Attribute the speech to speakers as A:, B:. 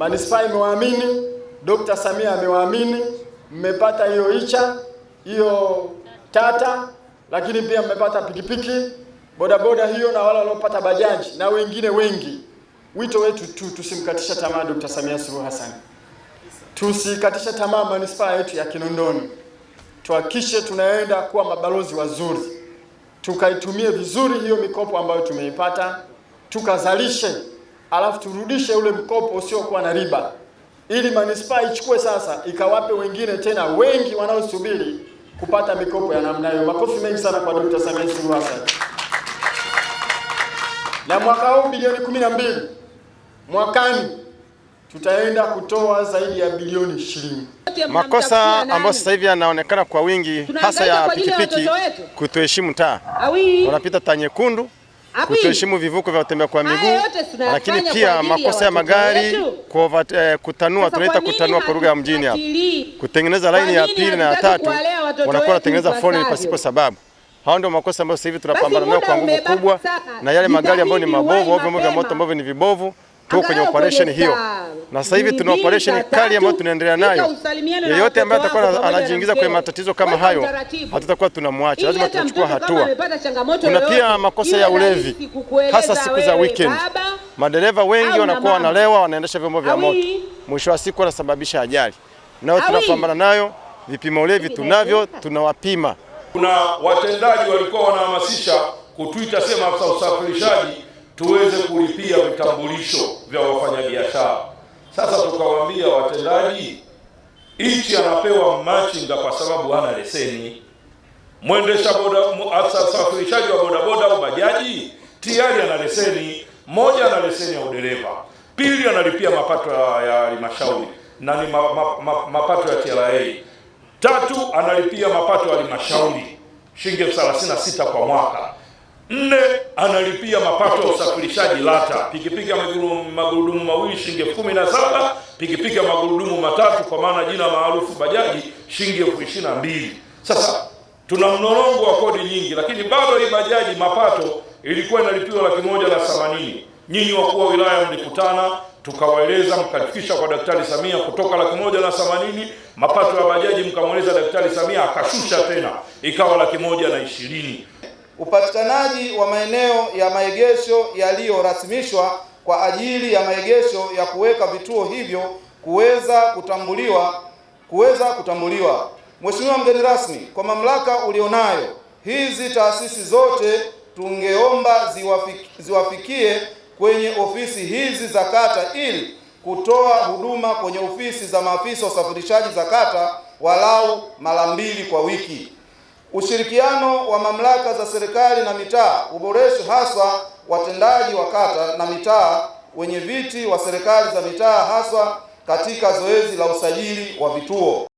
A: manispaa imewaamini, Dr. Samia amewaamini, mmepata hiyo icha hiyo tata, lakini pia mmepata pikipiki bodaboda hiyo na wale waliopata bajaji na wengine wengi. Wito wetu tu tusimkatisha tamaa Dr. Samia Suluhu Hassan, tusikatisha tamaa manispaa yetu ya Kinondoni, tuhakishe tunaenda kuwa mabalozi wazuri, tukaitumie vizuri hiyo mikopo ambayo tumeipata, tukazalishe alafu turudishe ule mkopo usiokuwa na riba, ili manispaa ichukue sasa ikawape wengine tena wengi wanaosubiri kupata mikopo ya namna hiyo. Makofi mengi sana kwa Dkt. Samia Suluhu Hassan. Na mwaka huu bilioni 12, mwakani tutaenda kutoa zaidi ya bilioni 20.
B: Makosa ambayo sasa hivi yanaonekana kwa wingi hasa ya pikipiki kutoheshimu taa, unapita taa nyekundu kutoheshimu vivuko vya kutembea kwa miguu, lakini pia makosa ya magari eh, kutanua, tunaita kutanua kwa lugha ya mjini hapa, kutengeneza laini ya pili na ya tatu, wanakuwa wanatengeneza foleni pasipo sababu. Hao ndio makosa ambayo sasa hivi tunapambana nayo kwa nguvu kubwa, na yale magari ambayo ni mabovu au vyombo vya moto ambavyo ni vibovu, tuko kwenye operesheni hiyo na sasa hivi tuna operation kali ambayo tunaendelea nayo. Yeyote ambaye atakuwa anajiingiza kwenye matatizo kama hayo, hatutakuwa tunamwacha, lazima tunachukua hatua. Kuna pia makosa ya ulevi, hasa siku za weekend. Madereva wengi wanakuwa wanalewa, wanaendesha vyombo vya moto, mwisho wa siku wanasababisha ajali. Nayo tunapambana nayo, vipima ulevi tunavyo, tunawapima.
C: Kuna watendaji walikuwa wanahamasisha kutuita sema afisa usafirishaji tuweze kulipia vitambulisho vya wafanyabiashara. Sasa tukawaambia watendaji, nchi anapewa machinga kwa sababu hana leseni. Mwendesha boda msafirishaji wa bodaboda au bajaji tayari ana leseni. Moja, ana leseni ya udereva; pili, analipia mapato ya halmashauri na ni ma, ma, ma, mapato ya TRA; tatu, analipia mapato ya halmashauri shilingi elfu thelathini na sita kwa mwaka. Nne, analipia mapato ya usafirishaji LATA, pikipiki ya magurudumu mawili shilingi elfu kumi na saba pikipiki ya magurudumu matatu kwa maana jina maarufu bajaji shilingi elfu ishirini na mbili Sasa tuna mlolongo wa kodi nyingi, lakini bado hii bajaji mapato ilikuwa inalipiwa laki moja na themanini. Nyinyi wakuu wa wilaya mlikutana, tukawaeleza mkafikisha kwa Daktari Samia kutoka laki moja na themanini mapato ya bajaji, mkamweleza Daktari Samia akashusha tena ikawa laki moja na ishirini
D: upatikanaji wa maeneo ya maegesho yaliyorasimishwa kwa ajili ya maegesho ya kuweka vituo hivyo kuweza kutambuliwa kuweza kutambuliwa. Mheshimiwa mgeni rasmi, kwa mamlaka ulionayo, hizi taasisi zote tungeomba ziwafiki, ziwafikie kwenye ofisi hizi za kata ili kutoa huduma kwenye ofisi za maafisa wa usafirishaji za kata walau mara mbili kwa wiki. Ushirikiano wa mamlaka za serikali na mitaa uboreshwe, haswa watendaji wa kata na mitaa, wenye viti wa serikali za mitaa, haswa katika zoezi la usajili wa vituo.